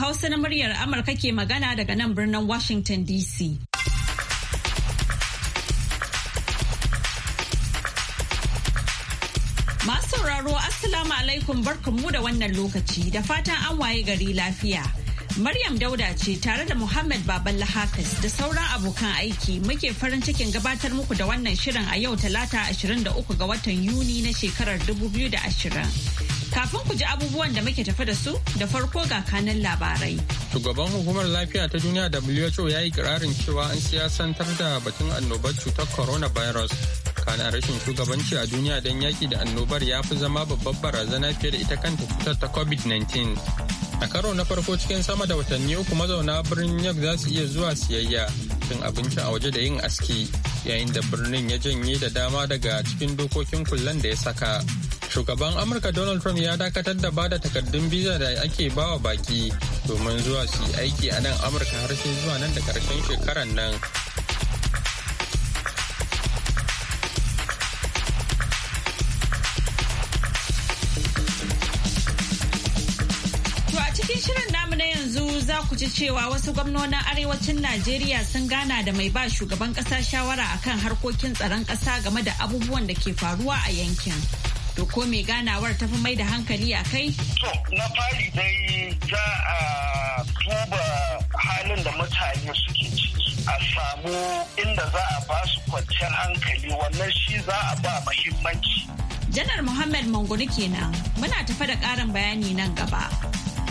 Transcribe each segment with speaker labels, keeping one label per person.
Speaker 1: Hausa na muryar Amurka ke magana daga nan birnin Washington DC. Masu sauraro Assalamu alaikum mu da wannan lokaci da fatan an waye gari lafiya. Maryam Dauda ce tare da Muhammad Baban Hafiz da sauran abokan aiki muke farin cikin gabatar muku da wannan shirin a yau talata 23 ga watan Yuni na shekarar 2020. Kafin ku ji abubuwan da muke tafi da su da farko ga kanan labarai.
Speaker 2: Shugaban hukumar lafiya ta duniya WHO ya yi kirarin cewa an siyasantar da batun annobar cutar coronavirus. Kana rashin shugabanci a duniya don yaƙi da annobar ya fi zama babbar barazana fiye da ita kanta cutar ta COVID-19. A karo na farko cikin sama da watanni uku mazauna birnin York za su iya zuwa siyayya cin abinci a waje da yin aski yayin da birnin ya janye da dama daga cikin dokokin kullan da ya saka. shugaban amurka donald trump ya dakatar da bada takardun biza da ake bawa baki domin zuwa su aiki a nan amurka har sai zuwa nan da karshen shekaran nan
Speaker 1: za ku ji cewa wasu gwamnonin arewacin Najeriya sun gana da mai ba shugaban kasa shawara akan harkokin tsaron kasa game da abubuwan da ke faruwa a yankin. To ko mai ganawar tafi mai da hankali a kai? To na
Speaker 3: fari dai za a duba halin da mutane suke ciki a samu inda za a ba su kwanciyar hankali wannan shi za a ba mahimmanci.
Speaker 1: Janar Muhammad Mangoni kenan muna tafa da ƙarin bayani nan gaba.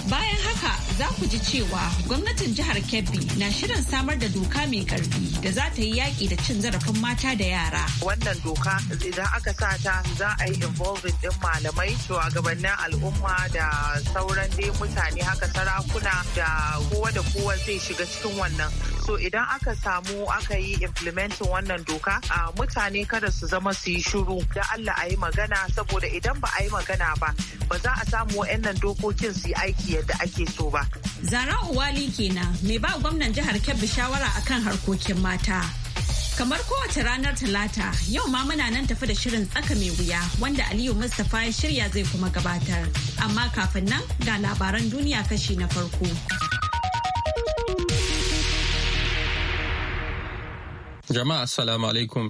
Speaker 1: Bayan haka za ku ji cewa gwamnatin jihar Kebbi na shirin samar da doka mai karfi da za ta yi yaƙi da cin zarafin mata da yara.
Speaker 4: Wannan doka idan aka sa ta za a yi involving ɗin malamai, shugabannin al'umma da sauran dai mutane haka sarakuna da kowa da kowa zai shiga cikin wannan. So idan aka samu aka yi implementin wannan doka a mutane kada su zama su yi shuru da Allah a yi magana saboda idan ba a yi magana ba ba za a samu wa'annan dokokin su yi aiki yadda ake so ba.
Speaker 1: Zara Uwali kenan mai ba gwamnan jihar Kebbi shawara akan harkokin mata. Kamar kowace ranar Talata, yau ma muna nan tafi da shirin tsaka mai wuya wanda Aliyu Mustapha ya shirya zai kuma gabatar. Amma kafin nan ga labaran duniya kashi na farko.
Speaker 2: Jama'a assalamu alaikum.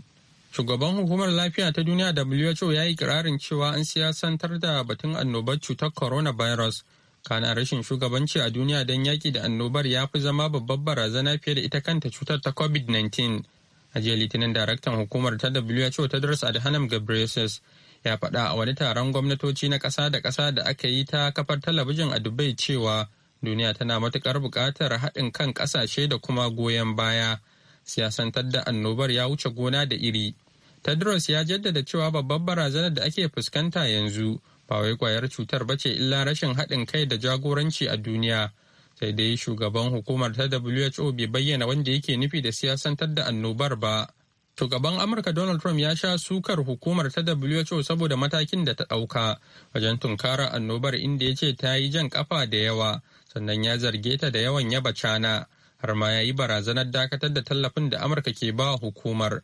Speaker 2: Shugaban hukumar lafiya ta duniya WHO ya yi kirarin cewa an siyasantar da batun annobar cutar corona coronavirus. Kana rashin shugabanci a duniya don yaƙi da annobar ya fi zama babbar barazana fiye da ita kanta cutar ta COVID-19. A Litinin daraktan hukumar ta WHO ta Dars Adhanom Ghebreyesus ya faɗa a wani taron gwamnatoci na ƙasa da ƙasa da aka yi ta kafar talabijin a Dubai cewa duniya tana matuƙar buƙatar haɗin kan ƙasashe da kuma goyon baya. siyasantar da annobar ya wuce gona da iri tedros ya jaddada cewa babbar barazanar da ake fuskanta yanzu ba wai kwayar cutar ba ce illa rashin haɗin kai da jagoranci a duniya sai dai shugaban hukumar ta who bai bayyana wanda yake nufi da siyasantar da annobar ba shugaban amurka donald trump ya sha sukar hukumar ta who saboda matakin da ta ɗauka wajen tunkara annobar inda ya ce ta yi jan ƙafa da yawa sannan ya zarge ta da yawan yaba cana har ma ya yi barazanar dakatar da tallafin da amurka ke ba hukumar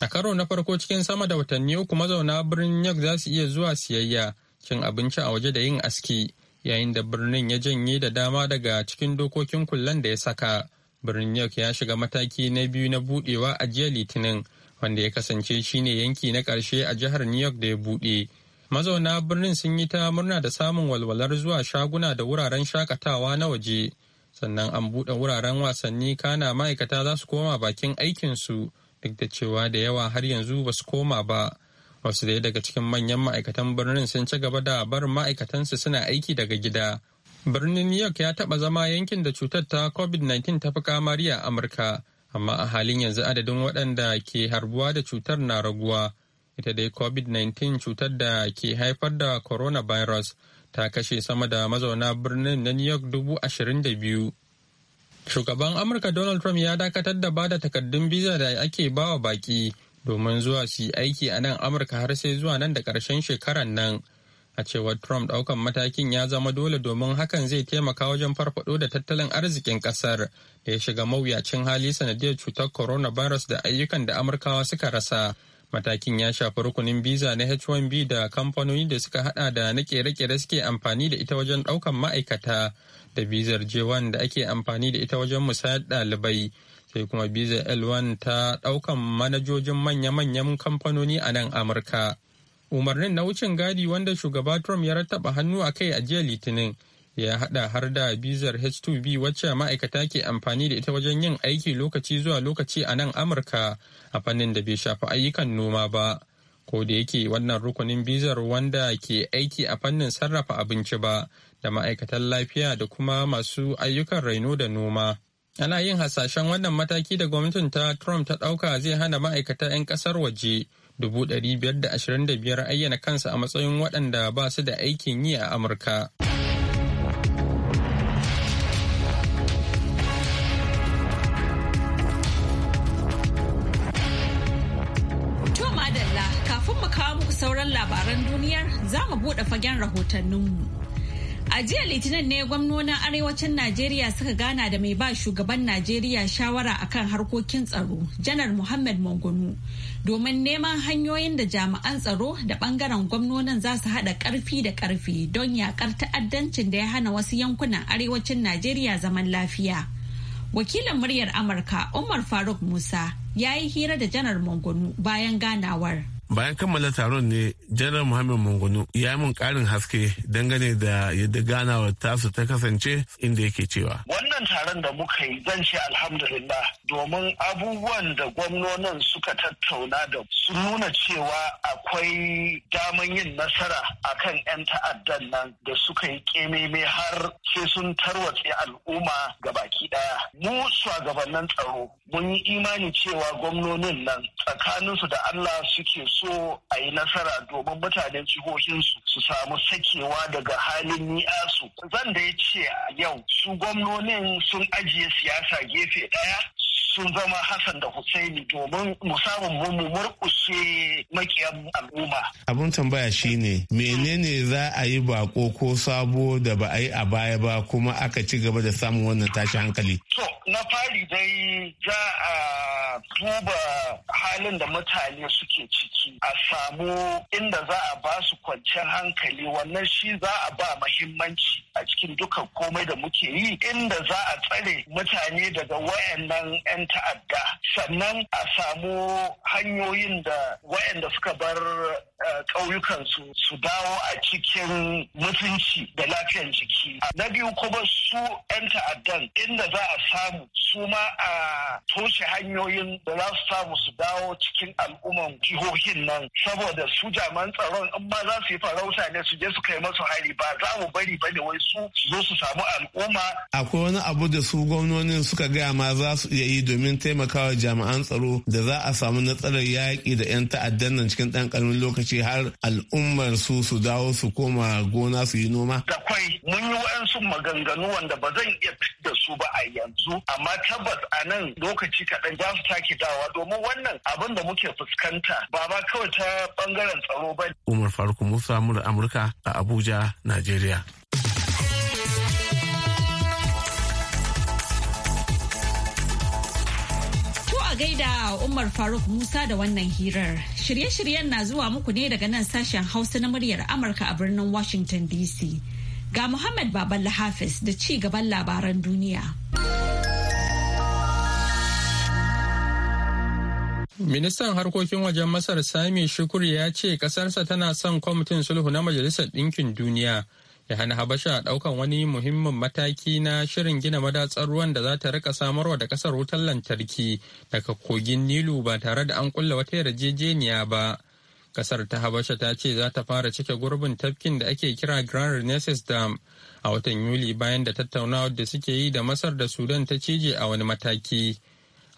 Speaker 2: a karo na farko cikin sama da watanni uku mazauna birnin york za su iya zuwa siyayya cin abinci a waje da yin aski yayin da birnin ya janye da dama daga cikin dokokin kullen da ya saka birnin york ya shiga mataki na biyu na budewa a jiya litinin wanda ya kasance shine yanki na karshe a jihar new york da ya bude mazauna birnin sun yi ta murna da samun walwalar zuwa shaguna da wuraren shakatawa na waje sannan an buɗe wuraren wasanni kana ma'aikata za su koma bakin aikinsu duk da cewa da yawa har yanzu ba su koma ba wasu da daga cikin manyan ma'aikatan birnin sun ci gaba da bar ma'aikatansu suna aiki daga gida birnin new york ya taɓa zama yankin da cutar ta covid-19 ta fi kamari a amurka amma a halin yanzu adadin waɗanda ke harbuwa da cutar na raguwa ita dai covid-19 cutar da ke haifar da coronavirus ta kashe sama da mazauna birnin na New York dubu ashirin da biyu. Shugaban Amurka Donald Trump ya dakatar da bada takardun biza da ake bawa baki domin zuwa su aiki a nan Amurka har sai zuwa nan da ƙarshen shekaran nan. A cewar Trump ɗaukan matakin ya zama dole domin hakan zai taimaka wajen farfaɗo da tattalin arzikin ƙasar da ya shiga mawuyacin hali sanadiyar cutar coronavirus da ayyukan da Amurkawa suka rasa. Matakin ya shafi rukunin biza na H-1B da kamfanoni da suka hada da na kere-kere suke amfani da ita wajen daukan ma'aikata da bizar J-1 da ake amfani da ita wajen musayar dalibai sai kuma bizar L-1 ta daukan manajojin manya-manyan kamfanoni a nan Amurka. Umarnin na wucin gadi wanda shugaba Trump ya rattaba hannu a kai a jiya Litinin ya hada har da bizar H2B wacce ma'aikata ke amfani da ita wajen yin aiki lokaci zuwa lokaci a nan Amurka a fannin da bai shafi ayyukan noma ba. Ko da yake wannan rukunin bizar wanda ke aiki a fannin sarrafa abinci ba da ma'aikatan lafiya da kuma masu ayyukan raino da noma. Ana yin hasashen wannan mataki da gwamnatin ta Trump ta ɗauka zai hana ma'aikata 'yan ƙasar waje da dubu ɗari biyar biyar ayyana kansa a matsayin waɗanda ba su da aikin yi a Amurka.
Speaker 1: sauran labaran duniyar za mu buɗe fagen rahotanninmu. A jiya Litinin ne gwamnonin arewacin Najeriya suka gana da mai ba shugaban Najeriya shawara akan harkokin tsaro, Janar Muhammad Mangunu, domin neman hanyoyin da jami'an tsaro da bangaren gwamnonin za su haɗa ƙarfi da ƙarfi don yaƙar ta'addancin da ya hana wasu yankunan arewacin Najeriya zaman lafiya. Wakilin muryar Amurka, Umar Faruk Musa, ya yi hira da janar mangunu bayan ganawar.
Speaker 5: bayan kammala taron ne janar muhammed mungunu ya yi min karin haske dangane da yadda ganawar tasu ta kasance inda yake cewa
Speaker 3: wannan taron da muka yi zan ce alhamdulillah domin abubuwan da gwamnonin suka tattauna da sun nuna cewa akwai daman yin nasara a kan 'yan ta'addan nan da suka yi kememe har sai sun tarwatse al'umma ga baki daya. Mu shugabannin tsaro mun yi imani cewa gwamnonin nan tsakaninsu da Allah suke so a yi nasara domin mutanen jihohinsu su samu sakewa daga halin ni'asu. Zan da ya ce yau su gwamnonin sun ajiye siyasa gefe ɗaya sun zama Hassan da Hussaini domin mu samu mu murkushe makiyan al'umma.
Speaker 5: Abin tambaya shine menene za a yi bako ko sabo da ba a yi a baya ba kuma aka ci gaba da samun wannan tashi hankali.
Speaker 3: To na fari lallai za a duba halin da mutane suke ciki a samu inda za a ba su kwanciyar hankali wannan shi za a ba mahimmanci a cikin duka komai da muke yi inda za a tsare mutane daga wayannan 'yan ta'adda sannan a samu hanyoyin da wayanda suka bar eh, ƙauyukansu su dawo a cikin mutunci da lafiyar jiki na biyu kuma su 'yan ta'addan inda za a samu su ma a toshe hanyoyin da za su samu su dawo cikin al'umman jihohin nan saboda su jaman tsaron in ba za su yi farauta ne su je su kai masu hari ba za mu bari ba ne wai su zo su samu al'umma.
Speaker 5: Akwai wani abu da su gwamnonin suka gaya ma za su iya yi domin taimakawa jami'an tsaro da za a samu natsalar yaƙi da 'yan ta'addan nan cikin ɗan ƙaramin lokaci har al'ummar su su dawo su koma gona su yi noma. Da kwai
Speaker 3: mun yi waɗansu maganganu wanda ba zan iya da su ba a yanzu amma tabbas a nan lokaci kaɗan za su take dawa domin wannan abin da muke fuskanta ba ma kawai ta bangaren tsaro ba.
Speaker 5: Umar Faruk Musa mura Amurka a Abuja, Najeriya.
Speaker 1: gaida Umar Faruk Musa da wannan hirar. Shirye-shiryen na zuwa muku ne daga nan sashen Hausa na muryar Amurka a birnin Washington DC. Ga Muhammad Baballa Hafiz da ci gaban labaran duniya.
Speaker 2: Ministan harkokin wajen Masar Sami Shukur ya ce ƙasarsa tana son kwamitin sulhu na Majalisar Ɗinkin Duniya ya hana Habasha ɗaukan wani muhimmin mataki na shirin gina madatsar ruwan da za ta rika samarwa da ƙasar wutar lantarki daga kogin Nilu ba tare da an kulla wata yarjejeniya ba. Kasar ta Habasha ta ce za ta fara cike gurbin tafkin da ake kira Grand Renaissance Dam a watan Yuli bayan da tattaunawar da suke yi da Masar da Sudan ta cije a wani mataki.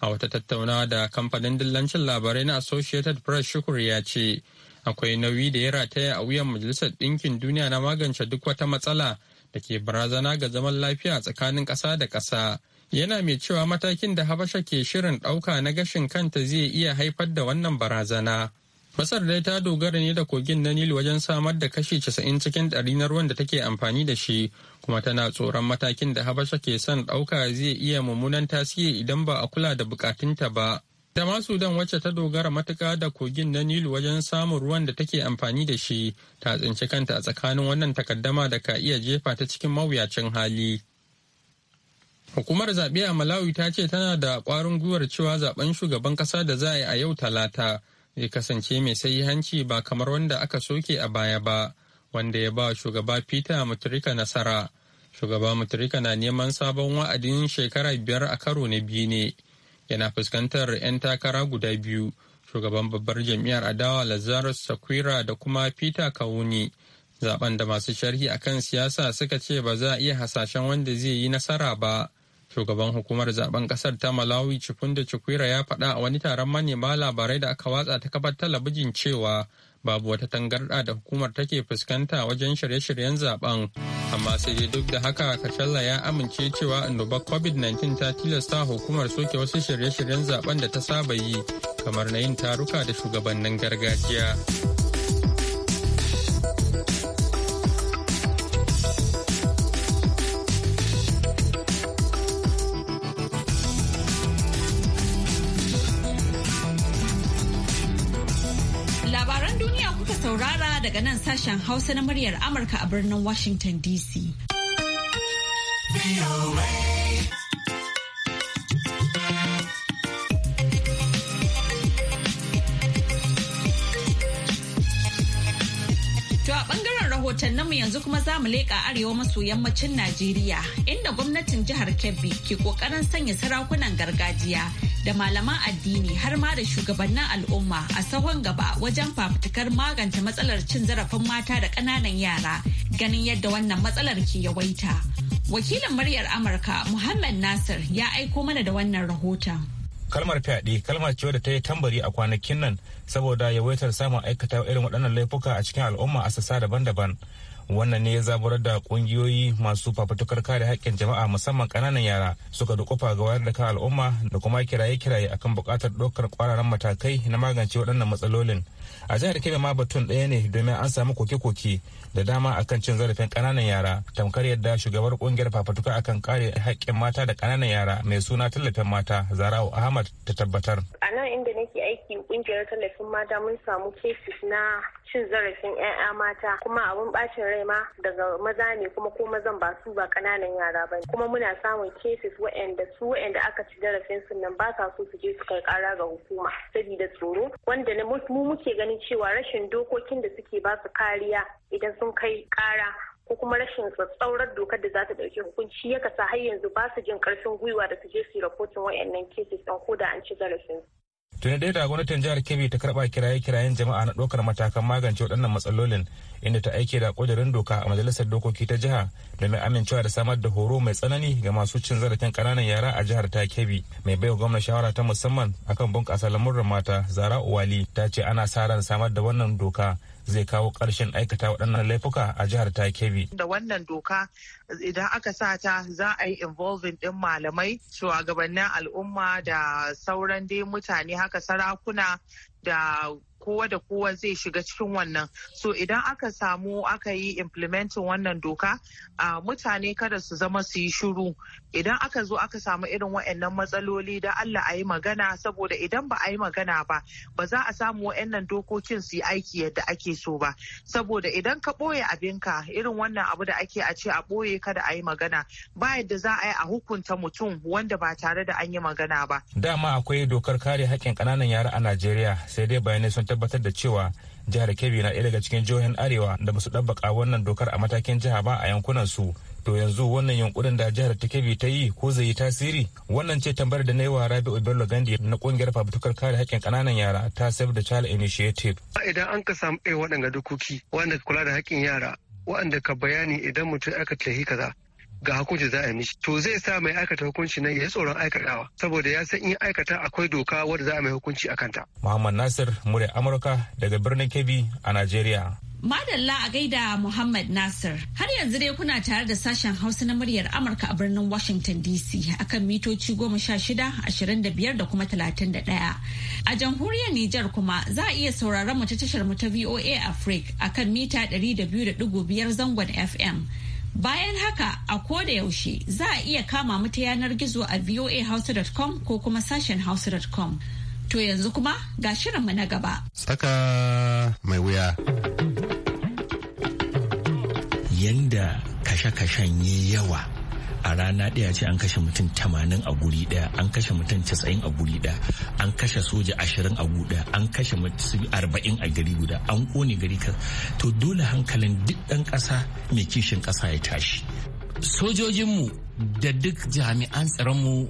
Speaker 2: A wata tattaunawa da kamfanin dillancin labarai na Associated Press Shukur ya ce, akwai nauyi da ya rataya a wuyan Majalisar Ɗinkin Duniya na magance duk wata matsala da ke barazana ga zaman lafiya tsakanin ƙasa da ƙasa. Yana mai cewa matakin da Habasha ke shirin ɗauka na gashin kanta zai iya haifar da wannan barazana. Masar dai ta dogara ne da kogin na Nil wajen samar da kashi 90 cikin ɗari na ruwan da take amfani da shi, kuma tana tsoron matakin da Habasha ke son ɗauka zai iya mummunan tasiri idan ba a kula da bukatunta ba. Da masu Sudan wacce ta dogara matuka da kogin na Nilu wajen samun ruwan da take amfani da shi, ta tsinci kanta a tsakanin wannan takaddama da ka iya jefa ta cikin mawuyacin hali. Hukumar zaɓe a Malawi ta ce tana da ƙwarin gwiwar cewa zaben shugaban ƙasa da za a yi a yau Talata. zai kasance mai sayi hanci ba kamar wanda aka soke a baya ba wanda ya ba shugaba peter mutrika nasara shugaba mutrika na neman sabon wa'adin shekara biyar a karo na biyu ne yana fuskantar 'yan takara guda biyu shugaban babbar jam'iyyar adawa lazarus sakwira da kuma peter kawuni zaben da masu sharhi akan siyasa suka ce ba za a iya hasashen wanda zai yi nasara ba Shugaban hukumar zaben kasar ta Malawi Chifunda Chikwira ya faɗa a wani taron manema labarai da aka watsa ta kafar talabijin cewa babu wata tangarɗa da hukumar take fuskanta wajen shirye-shiryen zaben amma sai dai duk da haka kacalla ya amince cewa annobar covid-19 ta tilasta hukumar soke wasu shirye-shiryen zaben da ta saba yi kamar na yin taruka da shugabannin gargajiya.
Speaker 1: saurara daga nan sashen Hausa na muryar Amurka a birnin Washington DC. rahotanninmu yanzu kuma za mu leƙa arewa maso yammacin Najeriya inda gwamnatin jihar Kebbi ke ƙoƙarin sanya sarakunan gargajiya da malaman addini har ma da shugabannin al'umma a sahon gaba wajen fafutukar magance matsalar cin zarafin mata da ƙananan yara ganin yadda wannan matsalar ke yawaita. Wakilin muryar Amurka Muhammad Nasir ya aiko mana da wannan rahoton.
Speaker 6: Kalmar fyaɗe kalmar ce da ta yi tambari a kwanakin nan saboda yawaitar samun aikata irin waɗannan laifuka a cikin al'umma a sassa daban-daban. wannan ne ya zaburar da kungiyoyi masu fafutukar kare haƙƙin jama'a musamman ƙananan yara suka dukufa ga wayar da kan al'umma da kuma kiraye-kiraye akan buƙatar ɗaukar ƙwararan matakai na magance waɗannan matsalolin a jihar kebbi ma batun ɗaya ne domin an samu koke-koke da dama akan cin zarafin ƙananan yara tamkar yadda shugabar ƙungiyar fafatuka akan kare haƙƙin mata da ƙananan yara mai suna tallafin mata zarau ahmad
Speaker 1: ta tabbatar aiki kungiyar tallafin mata mun samu cases na cin zarafin 'ya'ya mata kuma abun bacin rai ma daga maza ne kuma ko mazan ba su ba kananan yara ba ne kuma muna samun cases waanda su wa'anda aka ci zarafin su nan ba sa so su je su kai kara ga hukuma saboda tsoro wanda mu muke ganin cewa rashin dokokin da suke ba su kariya idan sun kai kara ko kuma rashin tsatsaurar dokar da za ta ɗauki hukunci ya kasa har yanzu ba su jin ƙarfin gwiwa da su je su yi rahoton wayannan cases ɗin ko da an ci zarafin
Speaker 6: tuni dai da gwamnatin jihar kebbi ta karba kiraye-kirayen jama'a na ɗaukar matakan magance waɗannan matsalolin inda ta aike da ƙudurin doka a majalisar dokoki ta jiha domin amincewa da samar da horo mai tsanani ga masu cin zarafin ƙananan yara a jihar ta kebbi mai baiwa gwamna shawara ta musamman akan bunƙasa lamurran mata zara uwali ta ce ana sa ran samar da wannan doka zai kawo ƙarshen aikata waɗannan laifuka a jihar ta
Speaker 4: da wannan doka idan aka sa ta za a yi involving ɗin malamai shugabannin al'umma da sauran dai mutane haka sarakuna da kowa da kowa zai shiga cikin wannan so idan aka samu aka yi implementin wannan doka a mutane kada su zama su yi shiru idan aka zo aka samu irin wa'annan matsaloli da Allah a yi magana saboda idan ba a yi magana ba ba za a samu wa'annan dokokin su yi aiki yadda ake so ba saboda idan ka ɓoye abinka irin wannan abu da ake a ce a ɓoye kada a yi magana ba yadda za a yi a hukunta mutum wanda ba tare da an yi magana ba
Speaker 6: dama akwai dokar kare haƙƙin ƙananan yara a Najeriya sai dai bayanai sun tabbatar da cewa jihar kebbi na daga cikin jihohin arewa da ba su ɗabbaka wannan dokar a matakin jiha ba a yankunan su to yanzu wannan yankunan da jihar ta kebbi ta yi ko zai yi tasiri wannan ce tambayar da na yi wa rabi'u bello gandi na kungiyar fafutukar kare haƙƙin ƙananan yara ta save the child initiative
Speaker 7: idan an ka samu ɗaya
Speaker 3: waɗanga dokoki wanda kula da haƙƙin yara waɗanda ka bayani idan mutum aka tafi kaza ga hukunci za a mishi to zai sa mai aikata hukunci nan ya yi tsoron aikatawa saboda ya san in aikata
Speaker 6: akwai doka wadda za a mai hukunci a kanta. Muhammad Nasir murya Amurka daga birnin Kebbi a Najeriya.
Speaker 1: Madalla a gaida Muhammad Nasir. Har yanzu dai kuna tare da sashen Hausa na muryar Amurka a birnin Washington DC akan mitoci goma sha shida, ashirin da biyar da kuma talatin da ɗaya. A jamhuriyar Nijar kuma za a iya sauraron mu ta tashar mu ta VOA Africa akan mita ɗari da biyu da ɗigo biyar zangon FM. Bayan haka a koda yaushe za a iya kama mu yanar gizo a voahouse.com ko kuma sashen hausa.com. To yanzu kuma ga shirinmu na gaba.
Speaker 8: Tsaka mai wuya. Yanda kashe-kashen yi yawa a rana ɗaya ce an kashe mutum tamanin a guri ɗaya an kashe mutum casa'in a guri ɗaya an kashe soja ashirin a guri ɗaya an kashe mutum arba'in a gari guda an kone gari ka to dole hankalin duk ɗan ƙasa mai kishin ƙasa ya tashi
Speaker 9: sojojinmu da duk jami'an tsaronmu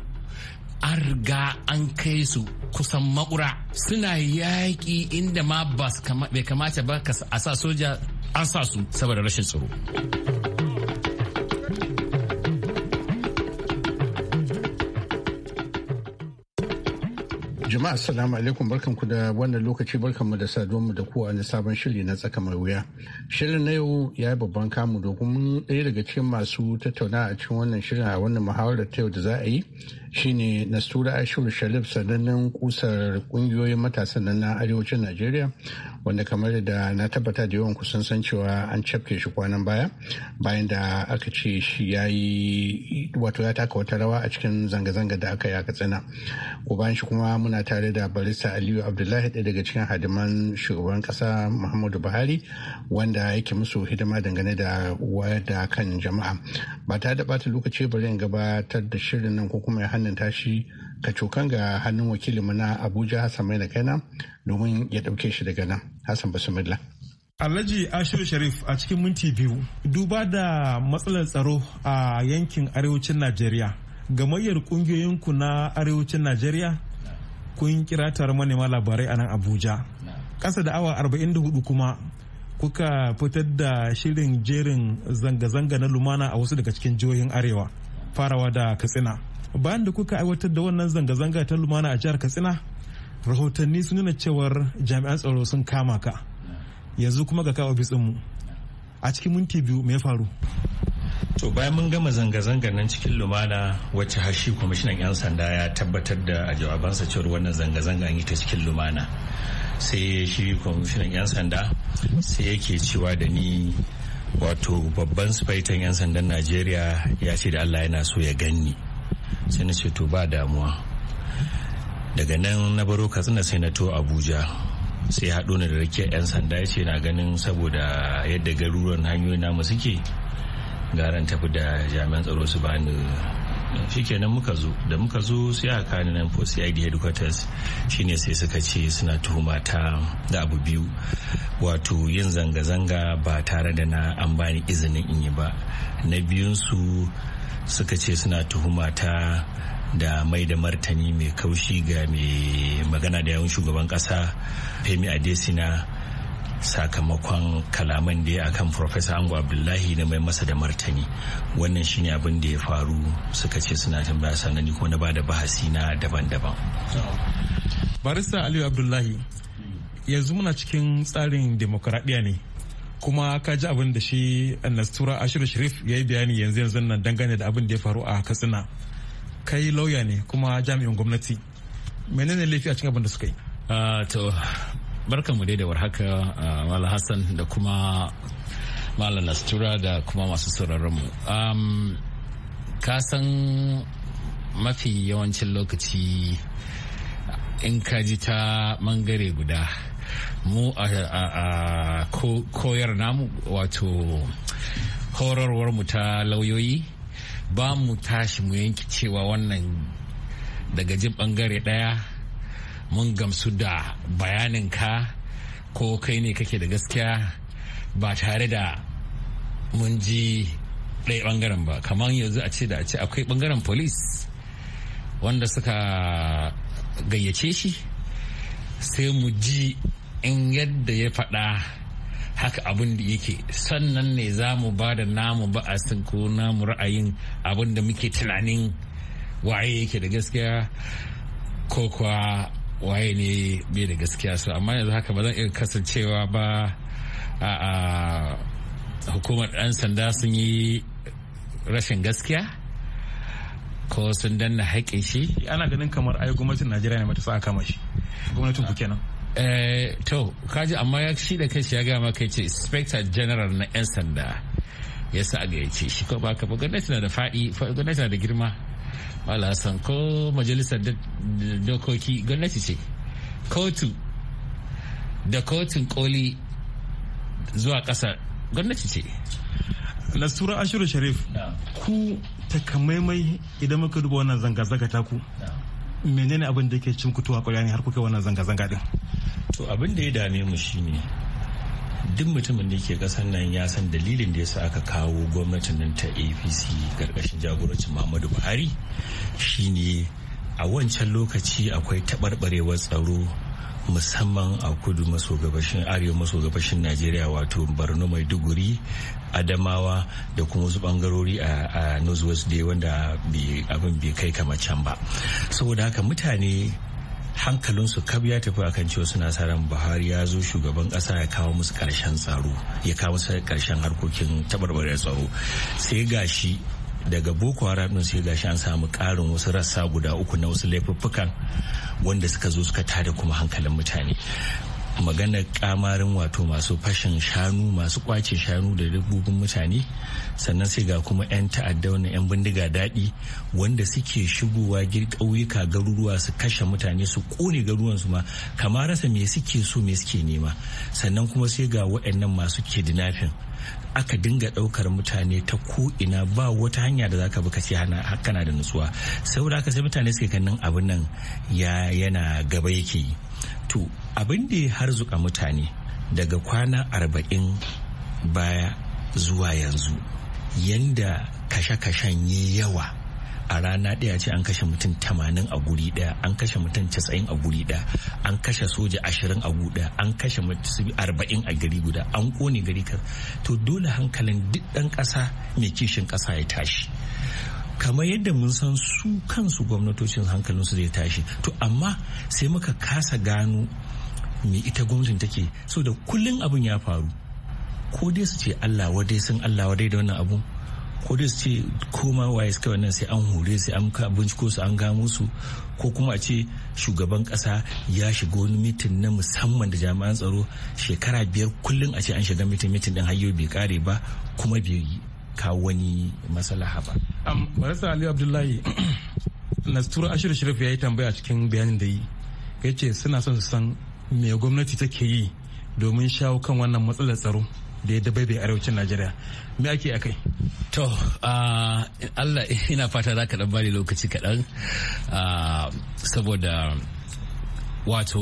Speaker 9: an riga an kai su kusan makura suna yaƙi inda ma bai kamata ba a sa soja an sa su saboda rashin tsaro.
Speaker 10: Jama'a salamu alaikum ku da wannan lokaci mu da saduwanmu da kowa na sabon shiri na tsaka mai wuya. Shirin na yau ya yi babban kamu domin ɗaya daga cikin masu tattauna a cikin wannan shirin a wannan muhawarar ta yau da za a yi shine nastura ashiru sharif sanannen kusar kungiyoyin matasan nan na arewacin najeriya wanda kamar da na tabbata da yawan kusan san cewa an cafke shi kwanan baya bayan da aka ce shi ya yi wato ya taka wata rawa a cikin zanga-zanga da aka yi a katsina ko bayan shi kuma muna tare da barista aliyu abdullahi ɗaya daga cikin hadiman shugaban ƙasa muhammadu buhari wanda yake musu hidima dangane da wayar da kan jama'a ba ta da ɓata lokaci bari in gabatar da shirin nan ko kuma ya hana Tashi shi cokan ga hannun wakilinmu na abuja hassan mai da kaina domin ya dauke shi daga nan hassan basmilla
Speaker 7: Alhaji Ashiru Sharif a cikin minti biyu duba da matsalar tsaro a yankin arewacin Najeriya. Gamayyar ƙungiyoyinku na arewacin Najeriya kun kira tare manema labarai a nan Abuja. Ƙasa da awa hudu kuma kuka fitar da shirin jerin zanga-zanga na lumana a wasu daga cikin jihohin arewa farawa da Katsina. bayan da kuka aiwatar da wannan zanga-zanga ta lumana a jihar katsina rahotanni sun nuna cewar jami'an tsaro sun kama ka yanzu kuma ga kawo bitsinmu a cikin minti biyu me ya faru
Speaker 8: to bayan mun gama zanga-zangar nan cikin lumana wacce hashi kwamishinan 'yan sanda ya tabbatar da a jawabansa cewar wannan zanga-zanga an yi ta cikin lumana sai shi kwamishinan 'yan sanda sai yake cewa da ni wato babban sufaitan 'yan sandan najeriya ya ce da allah yana so ya ganni sai na ce to ba damuwa daga nan na baro katsina sai na to abuja sai haɗo na da rakiya 'yan sanda ya ce na ganin saboda yadda garuruwan hanyoyi namu suke garan tafi da jami'an tsaro su bani shikenan muka zo da muka zo sai a kani nan for cid headquarters shine sai suka ce suna tuhuma ta da abu biyu wato yin zanga-zanga ba tare da na an bani izinin in yi ba na biyunsu suka ce suna tuhuma ta da mai da martani mai kaushi ga mai magana da yawan shugaban kasa femi adesina sakamakon kalaman da ya akan Profesa Ango Abdullahi na mai masa da martani wannan shine abin da ya faru suka ce suna tambaya sanani ko na bada bahasi na daban-daban.
Speaker 7: Barista Aliyu Abdullahi yanzu muna cikin tsarin demokuraɗiyya ne kuma ka ji abin da shi nastura ashiru sharif ya yi bayani yanzu yanzu nan dangane da abin da ya faru a katsina kai lauya ne kuma jami'in gwamnati menene laifi a cikin abin da suka yi ah, to barkanmu dai da
Speaker 9: warhaka ah, mala hassan da kuma mala nastura da kuma masu sauraronmu ka san mafi yawancin lokaci in ka ji ta mangare guda mu a koyar namu wato horarwar mu ta lauyoyi ba mu tashi mu yanki cewa wannan daga jin bangare daya mun gamsu da bayanin ka ko kai ne kake da gaskiya ba tare da mun ji ɗaya bangaren ba kamar yanzu a ce da a ce akwai bangaren police wanda suka gayyace shi sai mu ji in yadda ya faɗa haka abin da yake sannan ne za mu ba da namu ba'asin ko namu ra'ayin abin da muke tunanin waye yake da gaskiya ko kuwa waye ne bai da gaskiya su amma yanzu haka ba zan iya kasancewa ba a hukumar ɗan sanda sun yi rashin gaskiya ko sun danna haƙƙin shi ana ganin kamar ayi gwamnatin najeriya ne mata
Speaker 7: sa kama shi gwamnatin ku kenan
Speaker 9: Eh, to kaji amma ya shi da kai ya gaya maka ya ce inspector general na 'yan sanda ya sa a gayyace shi ko baka ba gwamnati na da faɗi gwamnati na da girma wala san ko majalisar dokoki gwamnati ce kotu da kotun koli
Speaker 7: zuwa kasa gwamnati ce nasura ashiru sharif ku takamaimai idan muka duba wannan zanga-zanga taku ku menene abin da ke cin
Speaker 8: kutuwa kwaya ne har kuka wannan zanga-zanga din to abin da ya dame mu shine duk mutumin da ke kasar nan ya san dalilin da ya sa aka kawo gwamnatin nan ta apc karkashin jagorancin muhammadu buhari shine a wancan lokaci akwai taɓarɓarewar tsaro musamman a kudu maso gabashin arewa maso gabashin najeriya wato borno maiduguri adamawa da kuma wasu bangarori a northwest day wanda abin bai kai kamar can ba saboda haka mutane hankalinsu kab ya tafi akan cewa suna sa ran buhari ya zo shugaban kasa ya kawo musu karshen tsaro ya kawo musu karshen harkokin tabarbarar tsaro sai gashi daga boko haram sai gashi an samu karin wasu rassa guda uku na wasu laifuffukan wanda suka zo suka tare kuma hankalin mutane maganar kamarin wato masu fashin shanu masu kwace shanu da dabbobin mutane sannan sai ga kuma 'yan ta'adda wannan 'yan bindiga daɗi wanda suke shigowa ƙauyuka garuruwa su kashe mutane su ƙone garuruwansu ma kama rasa me suke so me suke nema sannan kuma sai ga waɗannan masu kidnapping aka dinga ɗaukar mutane ta ko'ina ba wata hanya da zaka bi ka ce kana da nutsuwa saboda aka sai mutane suke kannin abin nan ya yana gaba yake yi to abin da ya harzuka mutane daga kwana arba'in baya zuwa yanzu yanda kashe-kashen yi yawa a rana ɗaya ce an kashe mutum tamanin a guri ɗaya an kashe mutum casa'in a guri ɗaya an kashe soja ashirin a guda an kashe mutum arba'in a gari guda an kone gari kar to dole hankalin duk ɗan ƙasa mai kishin ƙasa ya tashi kamar yadda mun san su kansu gwamnatocin hankalinsu zai tashi to amma sai muka kasa gano me ita gwamnatin take so da kullum abin ya faru ko dai su ce allah wadai sun allah wadai da wannan abun ko ce koma waye suka wannan sai an hore sai an binciko su an gamo su ko kuma a ce shugaban kasa ya shiga wani mitin na musamman da jami'an tsaro shekara biyar kullum a ce an shiga mitin mitin din hayo bai kare ba kuma bai kawo wani matsala ba.
Speaker 7: Barista aliyu Abdullahi Nasturu Ashir Shirif ya yi tambaya cikin bayanin da yi ya ce suna son su san me gwamnati take yi domin shawo kan wannan matsalar tsaro. da ya dabaibe arewacin najeriya me ake a kai
Speaker 9: to allah ina fata za ka bani lokaci kaɗan saboda wato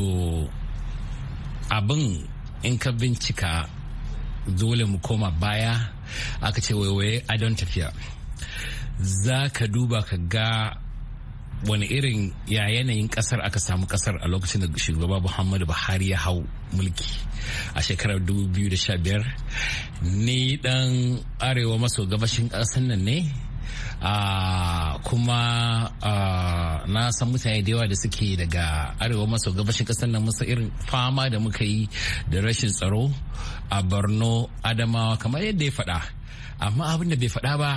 Speaker 9: abin in ka bincika dole mu koma baya aka ce waiwaye adon tafiya za ka duba ka ga wani irin ya yanayin kasar aka samu kasar a lokacin da shugaba muhammadu buhari ya hau mulki a shekarar 2015 ni dan arewa maso gabashin kasar nan ne kuma na san mutane da yawa da suke daga arewa maso gabashin kasar nan musa irin fama da muka yi da rashin tsaro a borno adamawa kamar yadda ya faɗa amma abin da bai faɗa ba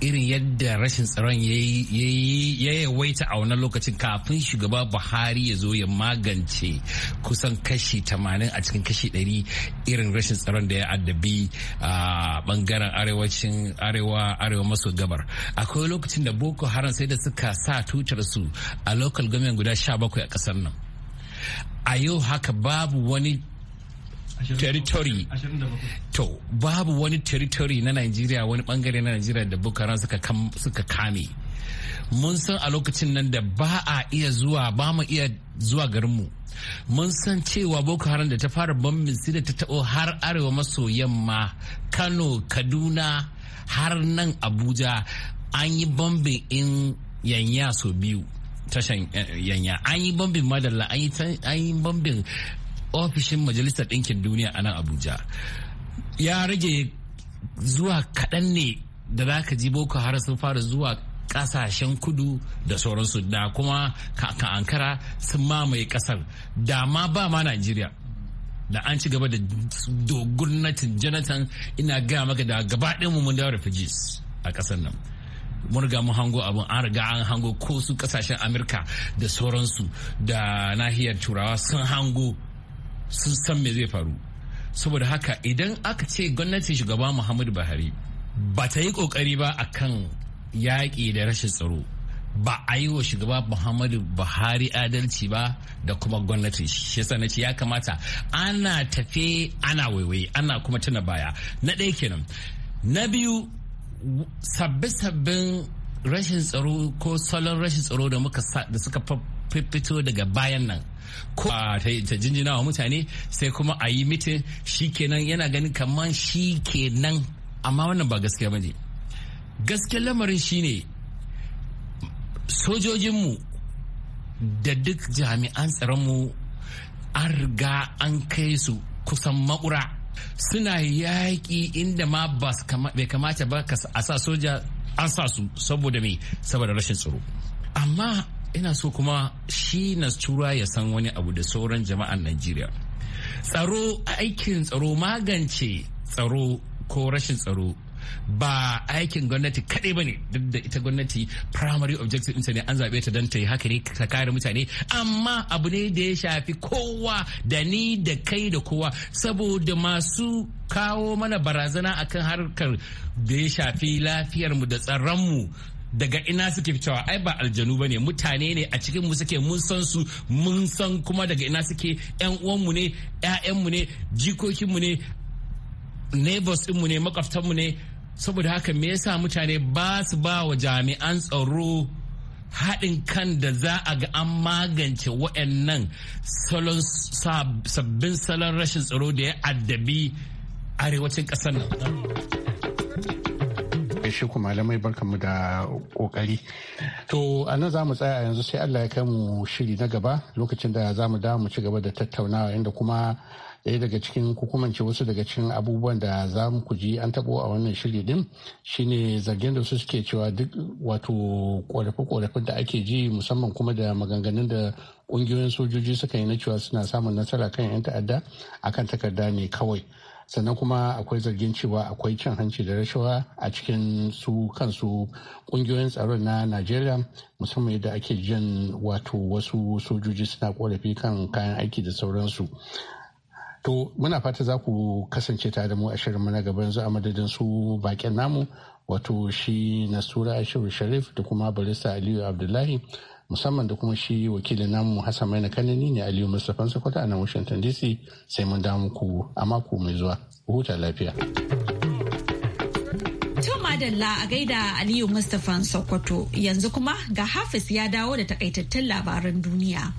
Speaker 9: irin yadda rashin tsaron ya yawaita a wannan lokacin kafin shugaba buhari ya zo ya magance kusan kashi 80 a cikin kashi 100 irin rashin tsaron da ya addabi a bangaren arewacin arewa arewa maso gabar akwai lokacin da boko haram sai da suka sa tutar su a local government guda 17 a kasar nan a yau haka babu wani territory to babu wani territory na nigeria wani bangare na nigeria da Boko suka kame mun san a lokacin nan da ba a iya zuwa ba mu iya zuwa garinmu mun san cewa boko haram da ta fara bambin da ta taɓo har arewa maso yamma kano kaduna har nan abuja an yi bambin in yanya sau biyu tashan eh, yanya an yi bambin madalla an yi bambin ofishin majalisar ɗinkin duniya a nan abuja ya rage zuwa kaɗan ne da za ka ji boko har sun fara zuwa ƙasashen kudu da sauransu da kuma ka ankara sun mamaye ƙasar da ma ba ma najeriya da an ci gaba da gwamnatin jonathan ina gaya maka da gaba mu mun dawo refugees a kasar nan mun riga mun hango abin an riga an hango ko su kasashen amurka da sauransu da nahiyar turawa sun hango sun san me zai faru saboda haka idan aka ce gwamnati shugaba muhammadu buhari ba ta yi kokari ba akan yaƙi da rashin tsaro ba a yi wa shugaba muhammadu buhari adalci ba da kuma gwamnati shi yasa ce ya kamata ana tafe ana waiwai ana kuma tuna baya na ɗaya kenan na biyu sabbin sabbin rashin tsaro ko salon rashin tsaro da suka fito daga bayan nan ko ta jinjina wa mutane sai kuma a yi mitin kenan yana ganin kamar kenan amma wannan ba gaskiya ne. gaskiyar lamarin shine sojojinmu da duk jami'an tsaronmu an riga an kai su kusan makura suna yaƙi inda ma bai kamata ba a sa soja an sa su saboda me saboda rashin tsaro amma ina so kuma shi tura ya san wani abu da sauran jama'an najeriya tsaro aikin tsaro magance tsaro ko rashin tsaro ba aikin gwamnati kaɗai ba ne duk da ita gwamnati primary objective ɗinta ne an zaɓe ta don ta yi haka ne ta kare mutane amma abu ne da ya shafi kowa da ni da kai da kowa saboda masu kawo mana barazana akan harkar da ya shafi lafiyarmu da tsaronmu daga ina suke fitowa ai ba aljanu bane mutane ne a cikin mu suke mun san su mun san kuma daga ina suke yan uwanmu ne ƴaƴanmu ne jikokinmu ne neighbors mu ne makwabtanmu ne saboda haka me yasa mutane ba su ba wa jami'an tsaro haɗin kan da za a ga an magance waɗannan sabbin salon rashin tsaro da ya addabi arewacin ƙasar nan
Speaker 10: gaishe ku malamai barkanmu da kokari. To a nan za mu tsaya a yanzu sai Allah ya kai mu shiri na gaba lokacin da za mu dawo mu ci gaba da tattaunawa inda kuma ɗaya daga cikin hukumance wasu daga cikin abubuwan da za mu ku ji an taɓo a wannan shiri din shine zargin da su suke cewa duk wato korafe-korafen da ake ji musamman kuma da maganganun da ƙungiyoyin sojoji suka yi na cewa suna samun nasara kan 'yan ta'adda akan takarda ne kawai. sannan kuma akwai zargin cewa akwai cin hanci da rashawa a cikin su kansu kungiyoyin tsaron na najeriya musamman yadda ake jin wato wasu sojoji suna korafi kan kayan aiki da sauransu to muna fata za ku kasance tare da mu a shirin mana gaban yanzu a madadin su bakin namu wato shi nasura ashiru sharif da kuma barista aliyu abdullahi musamman da kuma shi wakilin namu Hassan Maina Kanani ne Aliyu Mustapha Sokoto a nan Washington DC sai mun damu ku a mako mai zuwa. Huta lafiya.
Speaker 1: To madalla a gaida Aliyu Mustapha Sokoto yanzu kuma ga Hafiz ya dawo da takaitattun labaran duniya.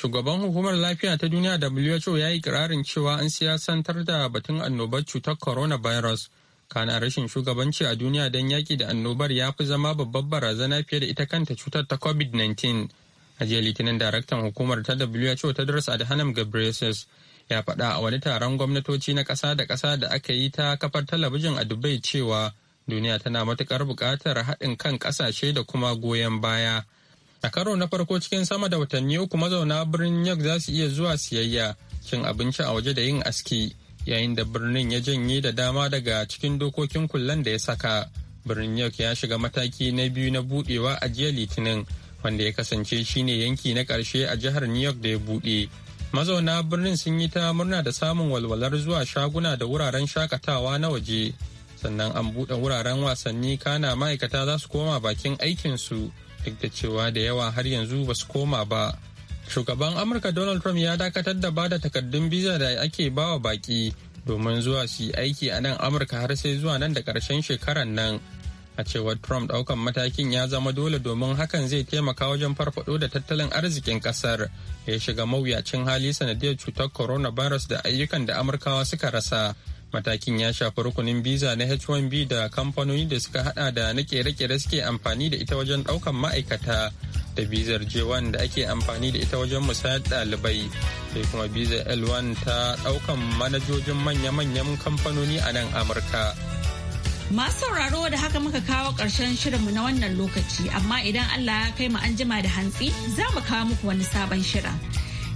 Speaker 2: Shugaban hukumar lafiya ta duniya WHO ya yi kirarin cewa an siya santar da batun annobar cutar coronavirus kana rashin shugabanci a duniya don yaƙi da annobar ya fi zama babbar barazana fiye da ita kanta cutar ta covid-19 a jiya litinin daraktan hukumar ta who ta tedros adhanom ghebreyesus ya faɗa a wani taron gwamnatoci na ƙasa da ƙasa da aka yi ta kafar talabijin a dubai cewa duniya tana matuƙar buƙatar haɗin kan ƙasashe da kuma goyon baya a karo na farko cikin sama da watanni uku mazauna birnin york za su iya zuwa siyayya cin abinci a waje da yin aski yayin da birnin ya janye da dama daga cikin dokokin kullen da ya saka birnin york ya shiga mataki na biyu na budewa a jiya litinin wanda ya kasance shine yanki na karshe a jihar new york da ya bude mazauna birnin sun yi ta murna da samun walwalar zuwa shaguna da wuraren shakatawa na waje sannan an buɗe wuraren wasanni kana ma'aikata za su koma bakin aikinsu duk da cewa da yawa har yanzu ba su koma ba shugaban amurka donald trump ya dakatar da bada takardun biza da ake bawa baki domin zuwa su yi aiki a nan amurka har sai zuwa nan da karshen shekaran nan a cewar trump daukan matakin ya zama dole domin hakan zai taimaka wajen farfado da tattalin arzikin kasar ya shiga mawuyacin hali sanadiyar cutar coronavirus da ayyukan da amurkawa suka rasa Matakin ya shafi rukunin biza na H1B da kamfanoni da suka hada da na kere-kere suke amfani da ita wajen daukan ma'aikata da bizar J1 da ake amfani da ita wajen musayar ɗalibai sai kuma biza L1 ta daukan manajojin manya-manyan kamfanoni a nan Amurka.
Speaker 1: Masu sauraro da haka muka kawo ƙarshen shirinmu na wannan lokaci amma idan Allah ya kai mu an jima da hantsi za mu kawo muku wani sabon shirin.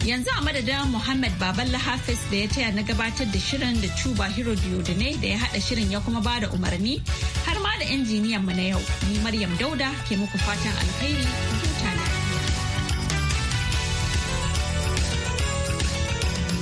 Speaker 1: yanzu a madadin muhammad baballa hafiz da ya taya na gabatar da shirin da cuba hero diodune da ya haɗa shirin ya kuma bada umarni har ma da injiniyan mu na yau ni maryam dauda ke muku fatan alkhairi